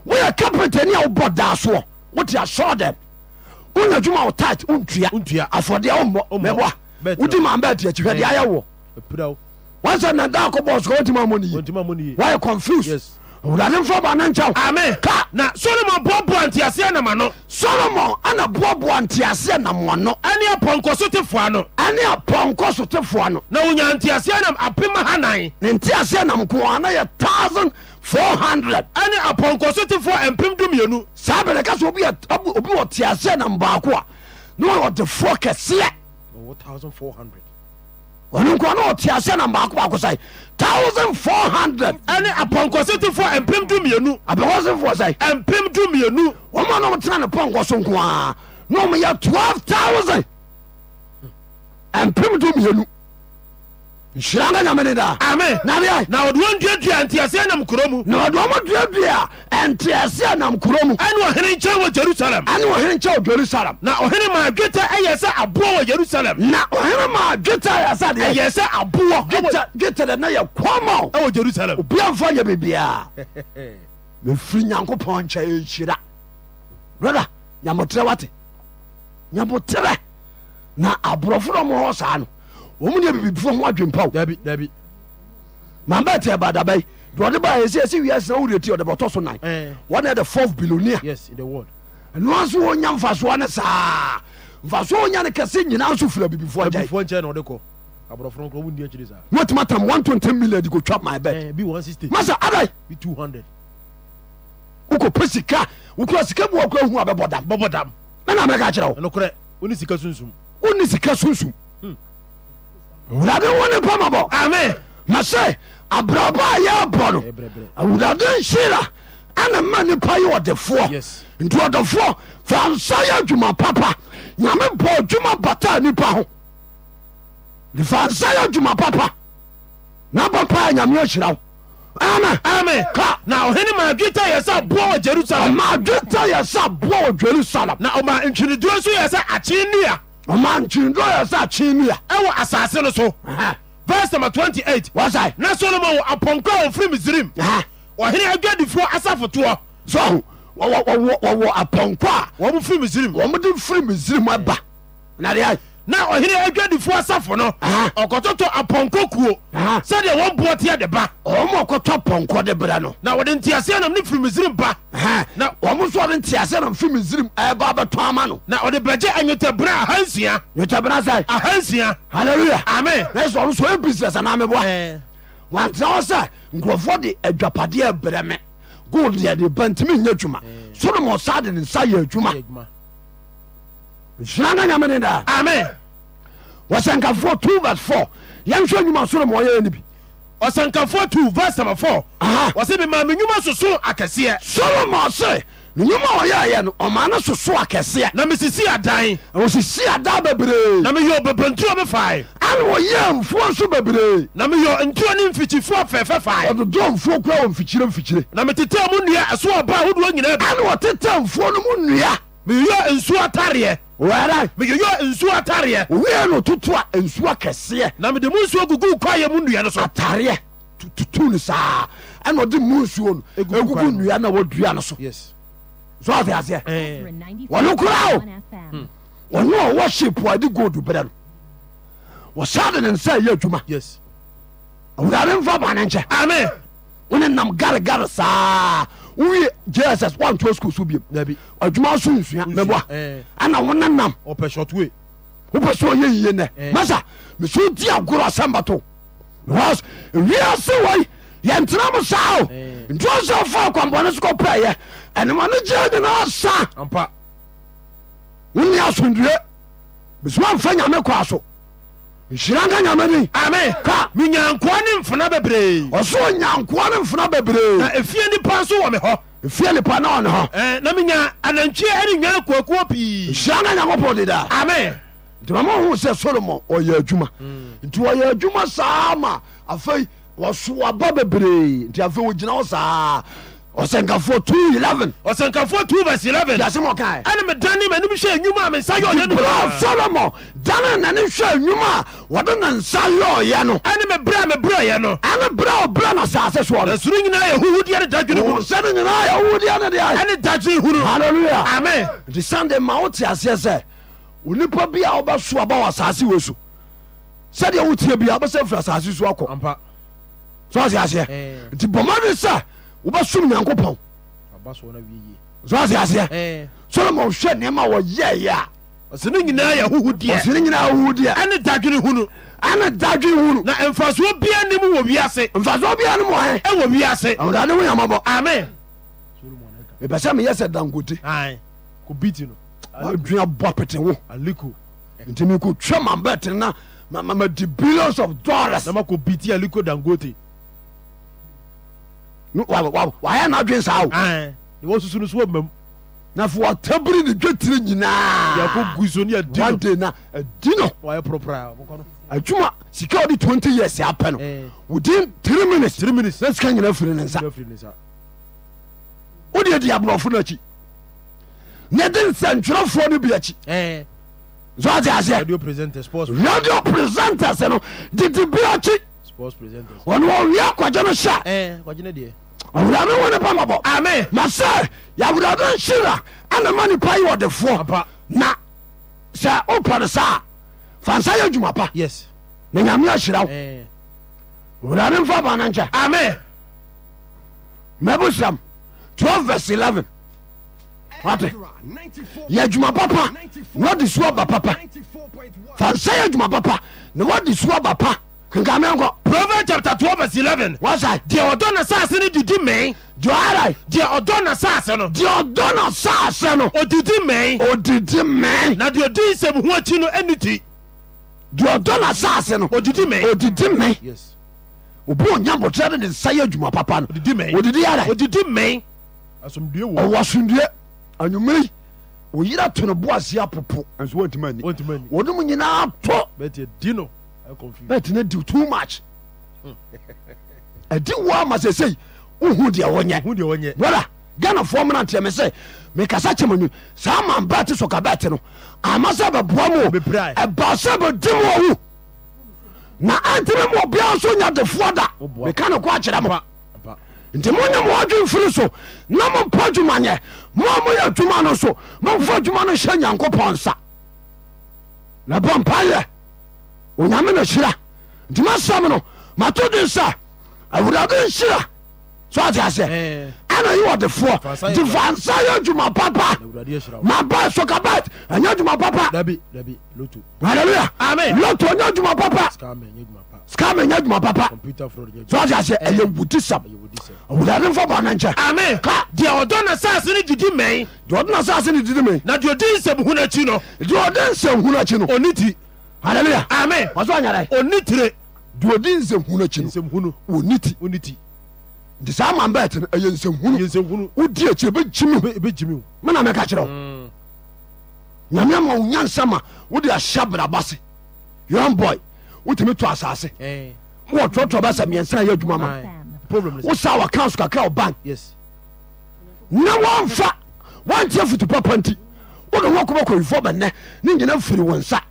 woyɛ kapitani a wobɔ daa soɔ wote asɔɔ dɛm wonya adwuma wo tit wontua ntua afɔdeɛ wommɔ mɛboa wodi maa bɛɛ ti akyihwɛ deɛ ayɛ wo eh, wansɛ na daa kɔbɔɔ so ka wontimi amɔ ne yi woayɛ confused yes wurade mfa ba ne nkyɛw amen ka na solomon boaboa nteaseɛ nam ano solomon ana boaboa nteaseɛ nam ano ɛne apɔnkɔ so tefoa no ɛne apɔnkɔ so tefoa no na onya nteaseɛ nam apem hanan ne nteaseɛ nam koa na yɛ 1400 ɛne apɔnkɔ so tefoɔ mpem dumienu saa bɛne ka sɛ obi wɔ teaseɛ nam baako a na wɔyɛ ɔdefoɔ kɛseɛ 1400 ɔne nkura ɔte aseɛ na baako baako sɛ thousand four hundred. ɛne apɔnkɔsotifoɔ mpem du mmienu. apɔnkɔsotifoɔ sɛ. mpem du mmienu. wɔn a na wɔn tena ne pɔnkɔ so nko ara na wɔn twelve thousand mpem du mmienu. nhyira nka nyame ne daa ame nadeɛ na ɔde wɔn nteaseɛ nam kuro mu na duadua nteaseɛ nam kuro mu ɛne ɔhene nkyɛn wɔ jerusalem ɛne ɔhene nkyɛn wɔ jerusalem na ɔhene maa dwetɛ ɛyɛ sɛ aboɔ wɔ jerusalem na ɔhene maa dwetɛ ɛyɛ sɛ deɛ ɛyɛ sɛ aboɔ dwetɛ na yɛ ɛwɔ e jerusalem obia mfa yɛ mefiri nyankopɔn wate nyamoterɛ na aborɔfo no hɔ saa no wɔn ne abibifoɔ ho adwen paw dabi dabi mamba te badaba yi dɔde ba yɛ sɛ ɛsi wia sena wode ti ɔde bɛtɔ so nan eh. wɔne the fourth billionaire yes in the world ɛnoa so wɔnya mfasoɔ ne saa mfasoɔ wɔnya ne kɛse nyinaa so fira abibifoɔ gyɛ wotumi tam twenty million de kɔtwa my bed eh, masa adai wokɔpɛ sika wokura sika bi wɔkora hu a bɛbɔ dam bɛbɔ dam ɛna mɛka kyerɛ wo wone sika sunsum epa bna sɛ abrabɔ ayɛ bɔno awurade nhyera ane ma nnipa yɛ ɔdefoɔ ntidfoɔ faansa yɛ adwuma papa nyame bɔ adwuma bata nipa ho faansayɛ adwuma papa nabapaa nyame ahyira madwt yɛsabow jerusalem ɔma nkyindo yɛ sɛ kye no ya ɛwɔ asase no so vers nm 28 wsae na solomon wɔ apɔnkɔ a wɔfiri misirim ɔhene adwadifuro asafotoɔ so wɔwɔ apɔnkɔ a wɔmo firi misirim wɔmode firi misirim aba nadeɛ na ɔhene adwadifoɔ asafo no ɔkɔtɔtɔ apɔnkɔ kuo sɛdeɛ wɔn boɔ teɛ de ba ɔmo ɔkɔtɔ pɔnkɔ de bra no na wɔde nteaseɛ nam ne firi misirim ba na ɔmo nso ɔde nteaseɛ nam firi misirim ɛɛba bɛtɔ ama no na ɔde bɛgye anwetɛbena ahansia nwetɛbena sɛ ahansia halleluya amen na ɛsɛ ɔno so ɛ business anaa meboa wantena hɔ sɛ nkurɔfoɔ de adwapadeɛ brɛ me gold deɛ de ba ntimi nyɛ adwuma solomon saa de ne nsa yɛ adwuma nhyira nyame ne daa amen wɔsɛnkafoɔ 2 vs 4 yɛnhwɛ nnwuma soro ma ɔyɛɛ no bi ɔsɛnkafoɔ 2 vs 4 wɔsɛ mema me nnwuma soso akɛseɛ solomon se ne nnwuma ɔyɛɛyɛ no ɔma ne soso akɛseɛ na mesisi adan wɔsisi adan bebree na meyɛ ɔbɛpɛntuo me fae ane wɔyɛ mfuo nso bebree na meyɛ ntuo ne mfikyifoɔ fɛfɛ fae ɔdodɔ mfuo kora wɔ mfikyire mfikyire na metete mu nnua ɛso ɔba ahodoɔ nyinaa bi ane wɔtete mfuo no mu nnua meyɛ nsuo atareɛ wɛrɛ meyeyɛ nsuo atareɛ wiɛ no toto a nsuo kɛseɛ na mede mu nsuo gugu kwaeɛ mu nnua so atareɛ tutu no saa ɛna ɔde mu nsuo no ɛgugu nnua no a wɔdua no so sɔɔte aseɛ wɔno kora o hmm. ɔno ɔwɔ hye poa de gold berɛ no wɔsa de ne nsa yɛ adwuma awurade mfa bane nkyɛ ame wone nam garegare saa wowie jss woantoa school so biam adwuma so nsua meboa eh. ana wone nam wopɛ sɛ ɔyɛ yie nɛ eh. masa meso di agoro asɛmba to because wiase wei yɛntena mo saa o eh. ntuo sɛ fa kwampɔne so kɔpɛɛyɛ ɛnema no gyea nyinaa sa wone asomdue mesoma mfa nyame kɔa so nhyira nka nyame din ame ka menyankoa ne mfena bebree ɔso nyankoa ne mfena bebree na ɛfie nipa nso wɔ me hɔ ɛfie nipa na ɔne hɔ na menya anantwie ɛne nwana kuakuo pii nhyira nka nyankopɔn deda ame nti mama hu sɛ solomon ɔyɛ adwuma hmm. nti wɔyɛ adwuma saa ma afei wɔsoaba bebree nti afei wɔgyina hɔ saa ɔsɛnkafoɔ 211 ɔsɛnkafoɔ 2 vs 11 yasɛm ɔkaɛ ɛne medane m'anim hwɛ anwuma a mensa yɛ ɔyɛ solomon dane nane hwɛ anwuma a wɔde ne nsa yɛɔyɛ no ɛne mebrɛ a mebrɛyɛ no ɛne brɛ a ɔbrɛ no asase soɔ no ɛsoro nyinaa yɛ huhudeɛ ne dadwene hunu sɛne nyinaa yɛ huhudeɛ ne deɛ ɛne dadwene hunu halleluya amen nti sande ma wote aseɛ sɛ onipa bi a wobɛso aba wɔ asase wɔ so sɛdeɛ wotie bia wobɛsɛ firi asase so akɔ so ɔse aseɛ eh. nti bɔma ne sɛ wobɛsom nyankopɔn soaseaseɛ eh. solomon hwɛ nneɛma wɔyɛyɛ a ɔsene nyinaa yɛ hoho deɛɔsene nyinaa hoho deɛ ɛne dadwene hunu ɛne dadwene hunu na mfasoɔ bia nim wɔ wiase mfasoɔ bia nim wɔ ɛwɔ wiase ɔdade ho yamabɔ amen mepɛ sɛ meyɛ sɛ dankote kobiti no adwea bɔ pete wo aliko nti mekɔtwa mabɛtene na madi billions of dollars na makɔbiti aliko dangote wayɛ n'adwen saa o. na wɔn susu no so wɔn na fo wɔtɛbiri ni dwetiri nyinaa. one day na adi no. wɔyɛ adwuma sika ɔdi twenty years apɛ no within three minutes na sika nyina firi ne nsa o di aborɔfo no akyi ne de nsɛntwerɛfoɔ no bi akyi so aseɛ radio presenters no didi bi akyi ɔno ɔwia kɔgye no hyɛ ɔwurade wo ne pamabɔ ame ma sɛ yɛawurade nhyira anama nipa yi ɔdefoɔ na sɛ wopɛre saa fansa yɛ adwuma pa na nyame ahyira wo owurade eh. mfa ba no nkyɛ ame mabusam 12 vs 11 wate yɛ adwuma papa na wɔde suo aba papa fansa yɛ adwuma papa na wɔde suo aba pa nkamenkɔ. proverbs chapter twelve verse eleven. wasa. diẹ ọdọ na saasi ni didi mẹ́ẹ́. jọ́ara. diẹ ọdọ na saasi no. diẹ ọdọ na saasi no. odidi mẹ́ẹ́. odidi mẹ́ẹ́. na diẹ di nsẹmu hu akyi no ẹni ti. diẹ ọdọ na saasi no. odidi mẹ́ẹ́. odidi mẹ́ẹ́. yes. obi onya bọtẹ de ne nsa yẹ adwuma papa no. odidi mẹ́ẹ́. odidi yàrá. odidi mẹ́ẹ́. asomdue wo. ọwọ asomdue anyumiri oyira tonobo ase apopo. nso wọn ti ma ni. wọn ti ma ni. wọn bẹẹti ne di too much ẹdi wo ama sẹ sẹ ohun deɛ wɔnyɛ wala ghana foɔ mena nteɛ me sɛ mekasa kyɛ manu saa ma ba te so ka bɛte no ama sɛ bɛboa mu ɛba sɛ bɛdi mu ɔwu na antimi mu obi nso nya defoɔ da meka ne kɔ akyerɛ mo nti monyɛ mo ɔdwen firi so na mompɔ adwumanyɛ moa moyɛ adwuma no so momfa adwuma no hyɛ nyankopɔn nsa na bɔ mpayɛ onyame na hyira nti masɛm no mato den sɛ awurade nhyira so ate aseɛ ana yi wɔdefoɔ nti fa nsa yɛ adwuma papa maba sokabat ɛnyɛ adwuma papa aleluya loto ɛnyɛ adwuma papa skame ɛnyɛ adwuma papa so ate aseɛ ɛyɛ wuti sam awurade mfa bɔ ne nkyɛ ka deɛ ɔdɔ na saase no didi mɛn deɛ ɔdɔ na saase no didi mɛn na deɛ ɔdi nsɛm hu no akyi no deɛ ɔdi nsɛm hu no akyi no ɔne ti hallelujah amen ɔsɔ anyara yi oni tire duodi nsɛnhunu akyi no oni ti oni ti nti saa maa bɛɛ ti no ɛyɛ nsɛnhunu ɛyɛ nsɛnhunu wodi akyi ebe jimi ebe jimi o mena mɛ ka kyerɛ o mm. nyame ama o nyansa ma wodi ahyɛ abraba se young boy wotumi to asase eh. wɔ tɔtɔ bɛ sɛ miɛnsa yɛ adwuma ma wosa wɔ kan so kakra o ban na wɔnfa wɔntiɛ futu papa nti wode wɔn kɔbɔ kɔyifoɔ bɛnɛ ne nyina firi wɔn nsa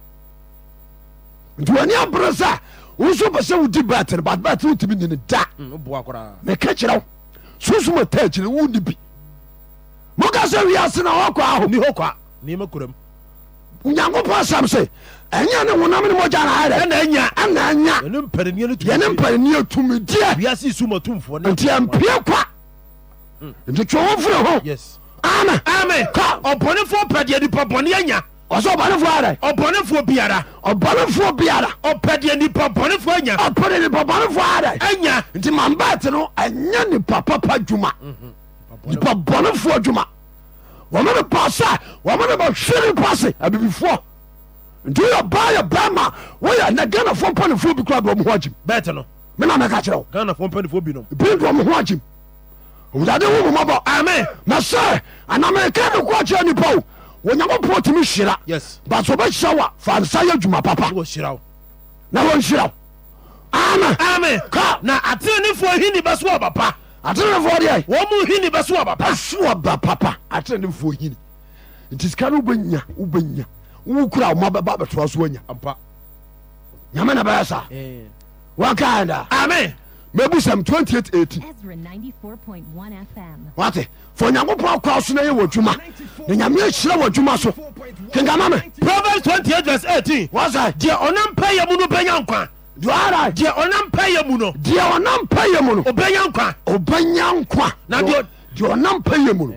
nti wani abere sɛ woso pɛ sɛ wodi bɛtene but bɛtene wotumi nyini da mm, meka kyerɛ wo sunsum ata akyiri wonni bi moka sɛ wiase na hɔkɔ ahoni hɔ kɔa onyankopɔn asɛm se ɛnyɛ ne wonam ne mogya naɛdɛ ɛna ɛnya yɛne mparania tumideɛ nti ɛmpie kwa mm. nti twɛ wo mfrɛ ho ame ɔbɔnefoɔ pɛdeɛ nipa bɔne anya ɔsɛ ɔbɔnefoɔ ada ɔbɔnefoɔ biara ɔbɔnefoɔ biara ɔpɛ deɛ nipa bɔnefoɔ anya ɔpɛde nipa bɔnefoɔ ada anya nti mambɛte no ɛnyɛ nipa papa dwuma nipa bɔnefoɔ dwuma wɔmene bɔ sɛ wɔmene bɛhwere nipa se abibifoɔ nti woyɛ baa yɛ bɛma woyɛ na ghanafoɔ mpanefoɔ bi kora de ɔmo ho agyim bɛte no mena mɛka kyerɛ wo bi de ɔmo ho agyim owurade wo momɔbɔ ame na sɛ anameka ne koakyerɛ nipa o onyankopɔn tumi hyira but sɛ wobɛhyira wa fa nsa yɛ adwuma papa na wɔnhyira wo ka na atenefoɔ hini bɛso ɔba pa atenefoɔ deɛ wɔmu hini bɛso ɔba pa so ɔba papa atenefoɔ hini nti sika no wobɛnya wobɛnya wowokura woma bɛba bɛtoa so anya nyame na bɛyɛ saa wakaɛdaa amen mɛbu sɛm 2818 wate fa onyankopɔn kɔ so na yɛ wɔ dwuma na nyame ahyira wɔ dwuma so kenkama me proverbs 28:18 wasa deɛ ɔnam pɛ yɛ mu no bɛnya nkwa dara deɛ ɔnam pɛ yɛ mu no deɛ ɔnam pɛ yɛ mu no ɔbɛnya nkwa ɔbɛnya nkwa na deɛ ɔnam pɛ yɛ mu no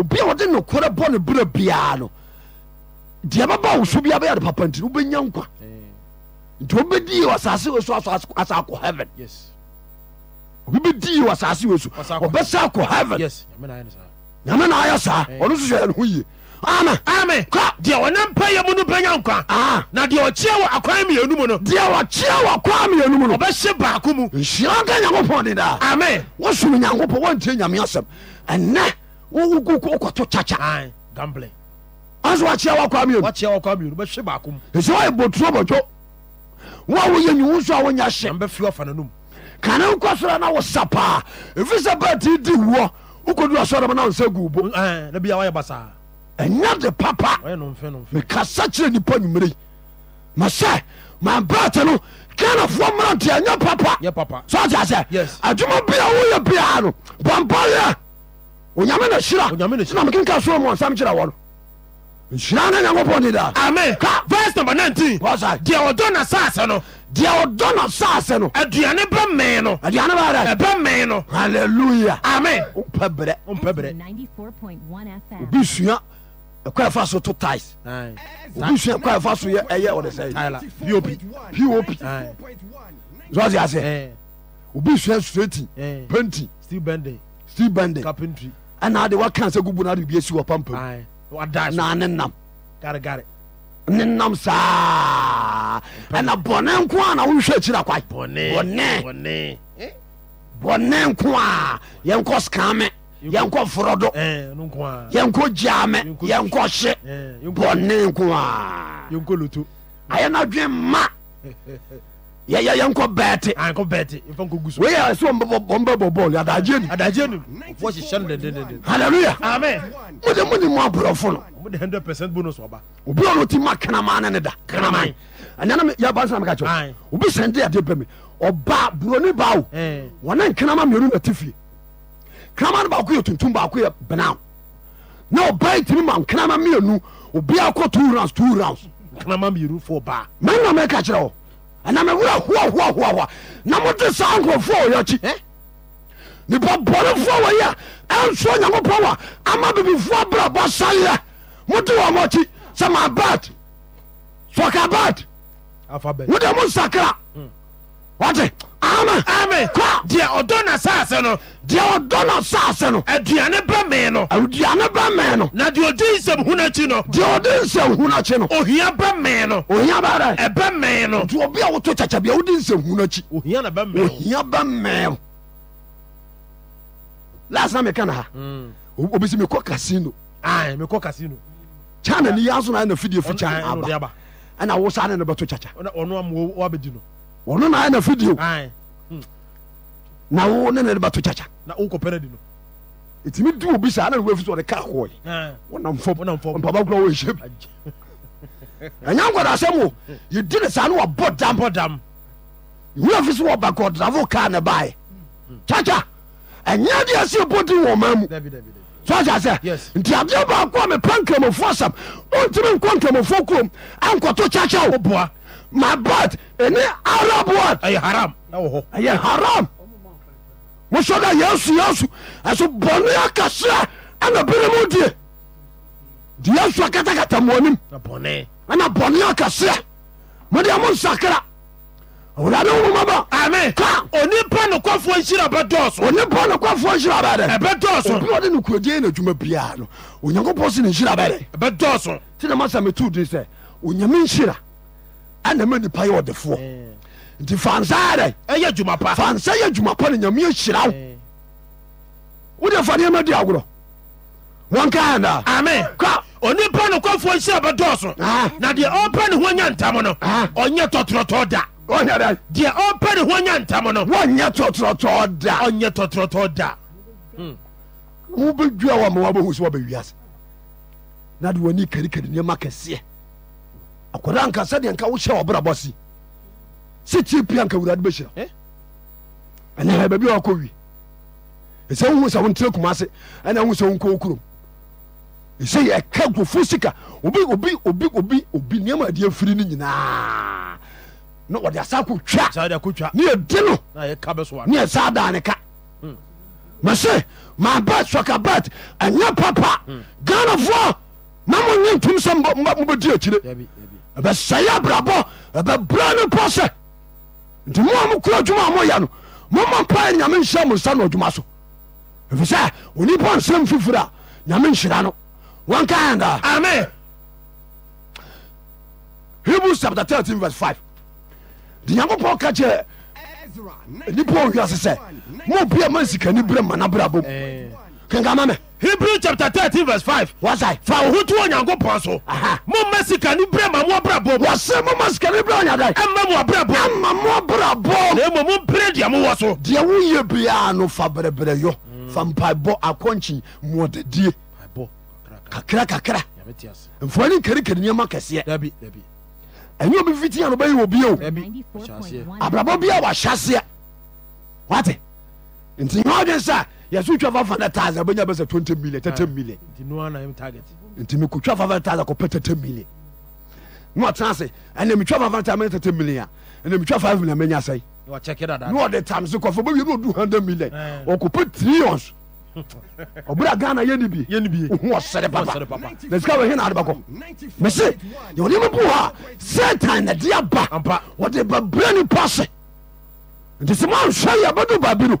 obi a wɔde nokorɛ bɔ ne berɛ biara no deɛ bɛba wo so biara bɛyɛ de papa nti no wobɛnya nkwa nti wobɛdi asase wɔ so asɛ akɔ heaven yes obi bi dii wɔ asase wɔ so ɔbɛsa kɔ heaven nyame na ayɛ saa ɔno nso hwɛ no ho yie amen amen kɔ deɛ ɔnam pɛyɛ mu no bɛnya nkwa ah. na deɛ ɔkyeɛ wɔ akwan mmienu mu no deɛ ɔkyeɛ wɔ akwan mmienu mu no ɔbɛhye baako mu nhyira nka nyankopɔn de daa amen wosom nyankopɔn woantie nyame asɛm ɛnɛ wokɔto kyakya gambling anso wakyeɛ wɔ akwan mmienu wakyeɛ wɔ akwan mmienu bɛhye baako mu ɛsɛ wɔyɛ boturo bɔdwo wo a woyɛ nyiwo nso a wonya hye bɛfiri ɔfa n'anum kane nkɔ soro na wo sa paa ɛfiri sɛ bɛti di woɔ wokɔdu asɔre mu na nsa gu bo eh, ɛnya de papa mekasa kyerɛ nipa nwumerei masɛ mabate no kanafoɔ mmerante ɛnyɛ papa so ate asɛ adwuma bia woyɛ biaa no bɔmpɔyɛ onyame na hyira na mekenka soro mu ɔnsam kyerɛ wɔ no nhyira ne nyankopɔn ne daa verse number 19 deɛ ɔdɔ na saase no deɛ ɔdɔ no saase no aduane bɛ mee no aduane bɛdɛ ɛbɛ mee no halleluya amen wompɛ berɛ wompɛ berɛ obi sua ɛkɔ so to tis obi sua ɛkɔ so yɛ ɛyɛ ɔde sɛ pop zɔde ase obi sua sureti penti steel bending steel waka sɛ gubu na de bi wɔ pampam na nam gare gare ne nam saa ɛna bɔne nko a na wohwɛ akyira kwa bɔne bɔne eh? nko a yɛnkɔ skame yɛnkɔ forodo yɛnkɔ eh, gyame yɛnkɔ hye bɔne nko a eh, ayɛ no adwen ma yɛyɛ yɛnkɔ bɛɛte weyɛ sɛ ɔmbɛ bɔ bɔɔl adagye nu halleluya mode mone mu aborɔfo no obi ɔno ɔtima kraman ne ne da kraman ɛnana yɛba sa meka kyɛ obi sɛnde ade bɛ me ɔba buroni ba o wɔne nkrama mmienu na tifie krama no baako yɛ tuntum baako yɛ benaw na ɔba timi ma nkrama mmienu obiaa kɔ two rounds two rounds mana meka kyerɛ hɔ ɛnamewura hoahoahoahoa na mote saa nkurɔfoɔ ɔyɛkyi nipa bɔnefoɔ wɔyi a ɛnsoɔ nyankopɔn wa ama bibifoɔ brabɔ sayɛ mote wɔ mɔkyi sɛ maabad. sɔka bat wode mo nsakra wɔte amen kɔ deɛ ɔdɔ na saase no deɛ ɔdɔ na saase no aduane bɛ mee no aduane bɛ mee no na deɛ ɔdi nsɛm hu n'akyi no deɛ ɔdi nsɛm hu n'akyi no ohia bɛ mee no ohia bɛ dɛ ɛbɛ mee no nti obi a woto kyakya bi a wodi nsɛm hu n'akyi ohia na bɛ no, ohia bɛ mee no last na meka na ha hmm. obi si mekɔ casino ayi mekɔ casino china ni yanso na ayɛ na fidie fi china aba ɛna wosa ne no bɛto kyakya ɔno na ayɛ na fidie na wo ne ne de bɛto kyakya na wonkɔ pɛrɛ di no itimi du obi saa na wafi sɛ ɔde ka kɔɛ wonam fɔmpaba kora wɔɛhyɛ bi ɛnya nkɔda asɛm o yɛdi ne saa ne wabɔ dam dam wafi sɛ wɔba kɔdrafo kaa ne baɛ kyakya ɛnya deɛ sɛ ɛbɔdi wɔ ma mu sɔja sɛ nti adeɛ baako a mepɛ nkramofoɔ asɛm wontimi nkɔ nkramofoɔ kurom ankɔto kyakya wo boa my bad ɛne arab word ɛyɛ haram ɛyɛ haram mosɛ da yesu yesu ɛso bɔne akasea ana bere mu die de yesu akatakata moanim ana bɔne akasea mode mo nsakra wurade woma ba ami ka onipa nokwafoɔ nhyira bɛdɔɔso onipa nokwafoɔ nhyira bɛdɛ ɛbɛdɔɔso obi wɔde no kurodie na adwuma biara no onyankopɔn se ne nhyira bɛdɛ ɛbɛdɔɔso nti na masa metu din sɛ onyame nhyira ana ma nipa yɛ ɔdefoɔ nti fansa ɛyɛ dwuma pa fansa yɛ dwuma pa no nyame ahyira wo wode fa nneɛma di agorɔ wɔnkaɛndaa ame ka onipa nokwafoɔ nhyira bɛdɔɔso na deɛ ɔpɛ ne ho nya ntam no ɔnyɛ tɔtorɔtɔ da ɔnyɛ dɛ deɛ ɔpɛ ne ho nya ntam no wɔnyɛ tɔtorɔtɔ da ɔnyɛ tɔtorɔtɔ da hmm. wobɛdua wɔ ma wabɛhu sɛ wabɛwiase na de w'ani karikari nneɛma kɛseɛ akɔda nka sɛdeɛ nka wohyɛ wɔbrabɔ si sikyiri pia nka awurade bɛhyira eh? ɛnɛ baabi a wakɔ wi ɛsɛ wohu sɛ wontena kuma ase ɛna wohu sɛ wonkɔ wo kurom ɛsɛ yɛka nkofo sika obi obi obi obi obi nneɛma adeɛ firi no nyinaa na wɔde asa ko twa ne yɛdi no ne yɛsa daa ne ka hmm. mɛsɛ mabat sokabat ɛnyɛ papa hmm. ghanafoɔ ma monyɛ ntom sɛ mobɛdi akyire ɛbɛsɛyɛ abrabɔ ɛbɛbra ne pɔ nti moa mokora adwuma a moyɛ no momɔ mpae nyame nhyira mo nsa no adwuma so ɛfisɛ onipa nsɛm fifiri a nyame nhyira no wanka ɛndaa amen hebrews chapter thirteen verse 5 nti nyankopɔn ka kyerɛ nipa owiase sɛ mobia ma nsikani berɛ mmanabrabom kenkama me hebrew chapter thirteen verse five. wasa. fa ohun tí wọn yàn kó pọ̀ so. mo mẹ sika ni bẹrẹ ma mọ bẹrẹ bọ. wọ́sẹ̀ mo mọ sika ni bẹrẹ yàn dẹ. ẹ mẹ mọ bẹrẹ bọ. ẹ mọ mọ bẹrẹ bọ. ẹ mọ mo bẹrẹ diẹ mo wọ so. diẹ wo yẹ bi a no fa bẹrẹbẹrẹ yọ fa mpa bọ akɔnkyi mọdedie kakra kakra nfɔni nkarikari nneɛma kɛseɛ ɛnyɛ omi fiti yan ɔbɛyi obi o abrabɔ bi a wahyɛ aseɛ wate nti nyɛ ɔdi nsa. yɛso twa 500000 wobɛnya bɛsɛ 20 million 30 ah, million nti mekotwa 500000 kɔpɛ 30 million na ɔtena se ɛnɛ metwa 500000 mɛnya 30 million a ɛnɛ metwa 5 million mɛnya sɛi na ɔde tam so kɔfo bɛwie na ɔdu 100 million eh. ɔkɔpɛ trillions ɔbra ghana yɛne bi ɔsere papa na sika wɔhe na ade bɛkɔ mese yɛwɔnema bu hɔ a satan na de aba ɔde babrɛ nipa se nti sɛ moanhwɛ yɛ bɛdo baabi no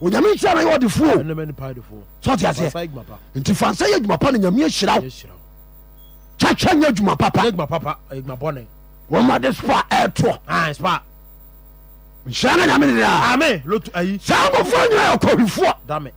onyame nhyira na yɛ ɔdefoɔ sɛ ɔte aseɛ nti fansa yɛ adwuma pa no nyame ahyira wo kyakya nyɛ adwuma papa wɔmade spa ɛtoɔ ah, nhyira no nyame dedaa saa nkɔfoɔ nyina yɛkɔhwifoɔ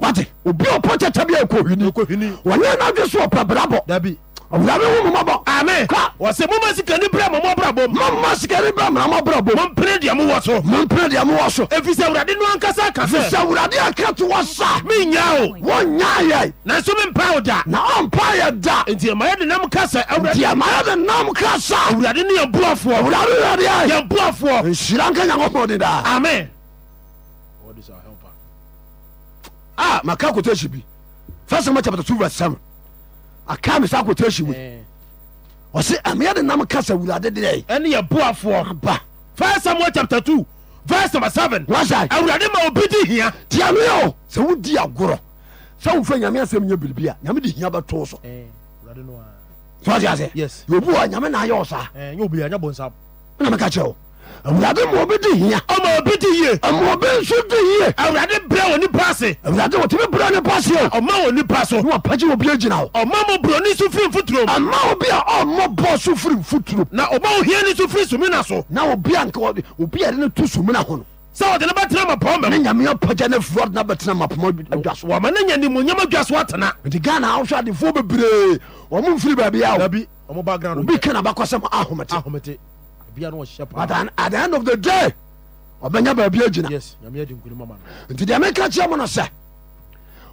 wate obi ɔpɔ kyɛkyɛ bi a ɛkɔhwini ɔnyɛ no adwe so ɔpɛ brabɔ ɔmdame hu momɔbɔ ame ka wɔsɛ moma sikani brɛ mo mɔbrabom moma sikani brɛ mra mɔbrabom mompene deɛ mowɔ so mompene deɛ mowɔ so ɛfiri sɛ awurade no ankasa ka sɛ sɛ awurade aka to wɔ sa menya o wɔnya yɛ nanso mempa wo da na ɔmpa yɛ da nti ɛma yɛde nam ka sɛ awurade ɛma yɛde nam ka sa awurade ne yɛmboafoɔ awurade yɛdeɛ yɛmboafoɔ nhyira nka nyankopɔn de daa amen a ah, maka kotashi bi first samuel chapter 2 verse 7 aka me sa quotation wei ɔse ɛmeyɛ de nam kasa awurade dedɛ ɛne yɛ boafoɔ ba first samuel chapter two, verse number 7 wasa awurade ma obi di hia tia me o sɛ wodi agorɔ sɛ wofɛ nyame asɛm nyɛ biribi a nyame de hia bɛtoo so eh, so ase ase yɛobi hɔ nyame naayɛ wo saa eh, na meka kyerɛ wo awurade ma obi di hia ọmọ obi di yie ama obi nso di yie awurade brɛ wɔ nipa ase awurade wɔtumi brɛ nipa se o ɔma wɔ nipa so ne wapagye obi agyina o ɔma mo buroni so firi mfuturo mu ama obi a ɔmmɔ bɔ so firi mfuturo na ɔma ohiani so firi sumina so na obi a nka obi a yɛde no to sumina ho no sɛ wɔde ne bɛtena mapɔn mɛm ne nyame apagya ne fuɔd na bɛtena mapɔn adwaso wɔma ne nya nimonyam adwaso atena nti ghana ahwɛ adefoɔ bebree ɔmo mfiri baabi a obi kana bakɔsɛm ahomete but at the end of the day ɔbɛnya baabi agyina nti deɛ meka kyerɛ mo no sɛ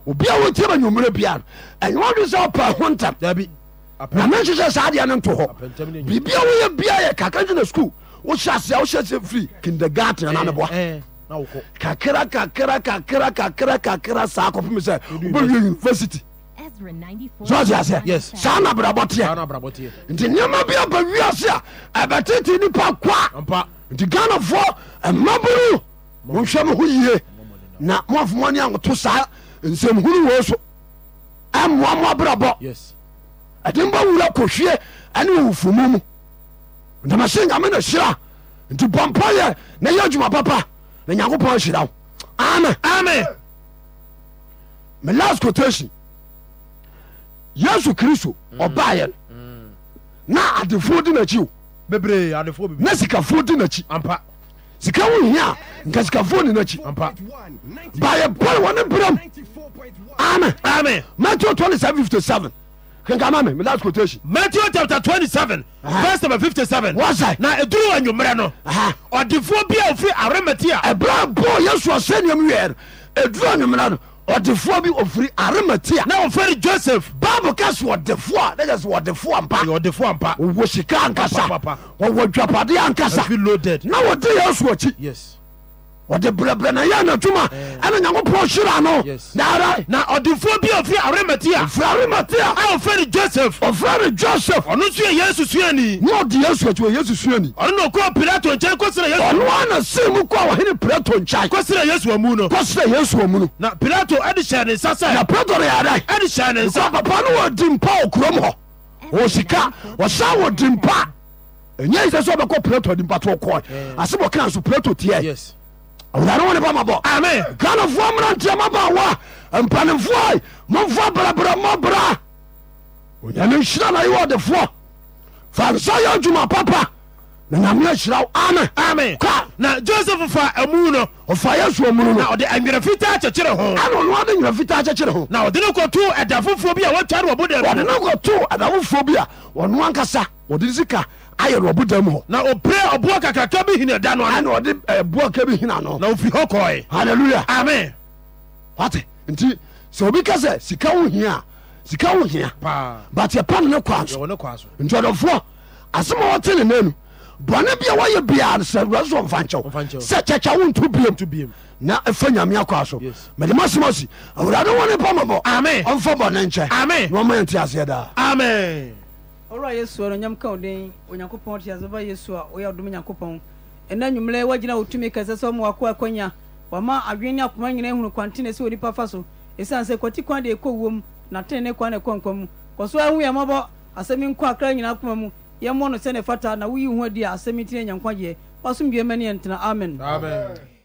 obia wɔtie ma nwummerɛ bia no ɛnyɛ wɔdwe sɛ ɔpɛ ho ntam na menhyehyɛ saa deɛ no nto hɔ biribia woyɛ bia yɛ kakra gyina skul wohyɛ aseɛ wohyɛ sɛ firi kindergarten ana meboa eh, eh, kakra kakra kakra kakra kakra saa kɔpem sɛ wobɛwie university nbrao tt nma bibais be titeni paka ntganf mabur moye n fnts surwso mamabrebo eembo wua koe neufummtsegmsert bopaya uma papa yankup asidaam melas qotan yesu kristo ɔbaayɛ mm. no mm. na adefoɔ di n'akyi o bebree adefoɔ bebree na sikafoɔ di n'akyi ampa sika wo hia nka sikafoɔ ni n'akyi ampa baayɛ bɔre wɔ ne berɛm amen amen matthew twenty seven fifty seven kankama mi mi last quotation. matthew chapter twenty seven verse number fifty seven. wọ́sẹ̀. na eduru enyimrẹ no. ọ̀dìfọ́ bíi àwòfin arẹ́mẹ̀tì a. ẹ̀bùrọ̀ bọ̀ yẹn sọ̀ sẹ́ni ẹ̀mú yẹ̀ ẹ̀dúrọ̀ enyimrẹ no. ɔdefoɔ bi ɔfiri arimatia na ɔfɛre joseph bible ka so ɔdefoɔ a ne yɛ sɛ ɔdefoɔ ampa ɔdefoɔ ampa ɔwɔ sika ankasa ɔwɔ loaded. ankasa na do yɛ so akyi ɔde brɛbrɛ na yɛ anatwuma ɛna eh. nyankopɔn hyera no daara na ɔdefoɔ bi a ɔfiri arimatea firi arimatea a ɔfrɛ no joseph ɔfrɛ no joseph ɔno nso yɛ yesu suani na ɔde yesu akyi wɔ yesu suani ɔno na ɔkɔɔ pilato nkyɛn kɔsrɛ yesu ɔno ana sei mu kɔɔ wɔhene pilato nkyɛn kɔsrɛ yesu amu no kɔsrɛ yesu amu no na pilato ɛde hyɛ ne nsa sɛ na pilato no yɛadae ɛde hyɛ ne nsa papa no wɔdi mpa wɔ kurom hɔ wɔ sika wɔsa wɔdi mpa ɛnyɛ sɛ sɛ ɔbɛkɔ pilato adi mpa to ɔkɔe eh. asɛ bɔkaa so pilato tiɛ wurade wone ba mabɔ ame ghanafoɔ mmra nteɛma ba wa mpanimfoɔ momfa brabra mmɔbra onyame nhyira na yɛwɔ defoɔ fa nsa yɛ adwuma papa na nyame ahyira wo ame ame ka na joseph fa amu no ɔfa yesu amunu no ɔde anwerɛ fitaa kyekyere ho ana ɔno ade nwerɛ fitaa kyekyere ho na ɔde ne kɔto ɛda foforɔ bi a wɔatware wɔbodɛ ɔde kɔto ɛda foforɔ bi a ɔno ankasa ɔde sika ayɛ no ɔboda mu hɔ na ɔpere ɔboɔ kakraka bi hini ɛda no ano ɛna ɔde ɛboɔ ka bi hina no na ofi hɔ kɔɔe halleluya amen wate nti sɛ obi ka sɛ sika wo hia a sika wo hia but yɛpa no ne kwa so nti ɔdɔfoɔ asɛm a wɔte ne na nu bɔne bia wɔyɛ biaa sɛ wura so ɔmfa nkyɛw sɛ kyɛkyɛ wo nto biam na ɛfa nyame akɔa so mede masɛm asi awurade wɔ ne pamabɔ ɔmfa bɔne nkyɛ na ɔma yɛnte aseɛ daa amen ɔwura yesu a onyam ka wo den onyankopɔn te asɛba yesu a woyɛ ɔdom nyankopɔn ɛna nwummerɛ woagyina wo tumi kɛsɛ sɛ ɔma wakoa akwanya wama adwene ne akoma nyina ahunu kwantene sɛ onipa fa so ɛsiane sɛ kwati kwan de ɛkɔ wuom na tene kwan na ɛkɔ nkwa mu kɔ so ahu yɛ mmɔbɔ asɛm nkɔ akra nyina akoma mu yɛmmɔ no sɛne ne fata na woyi wo ho adi a asɛm ntine nyankwagyeɛ wasomdwamani ɛntena amen, amen. amen.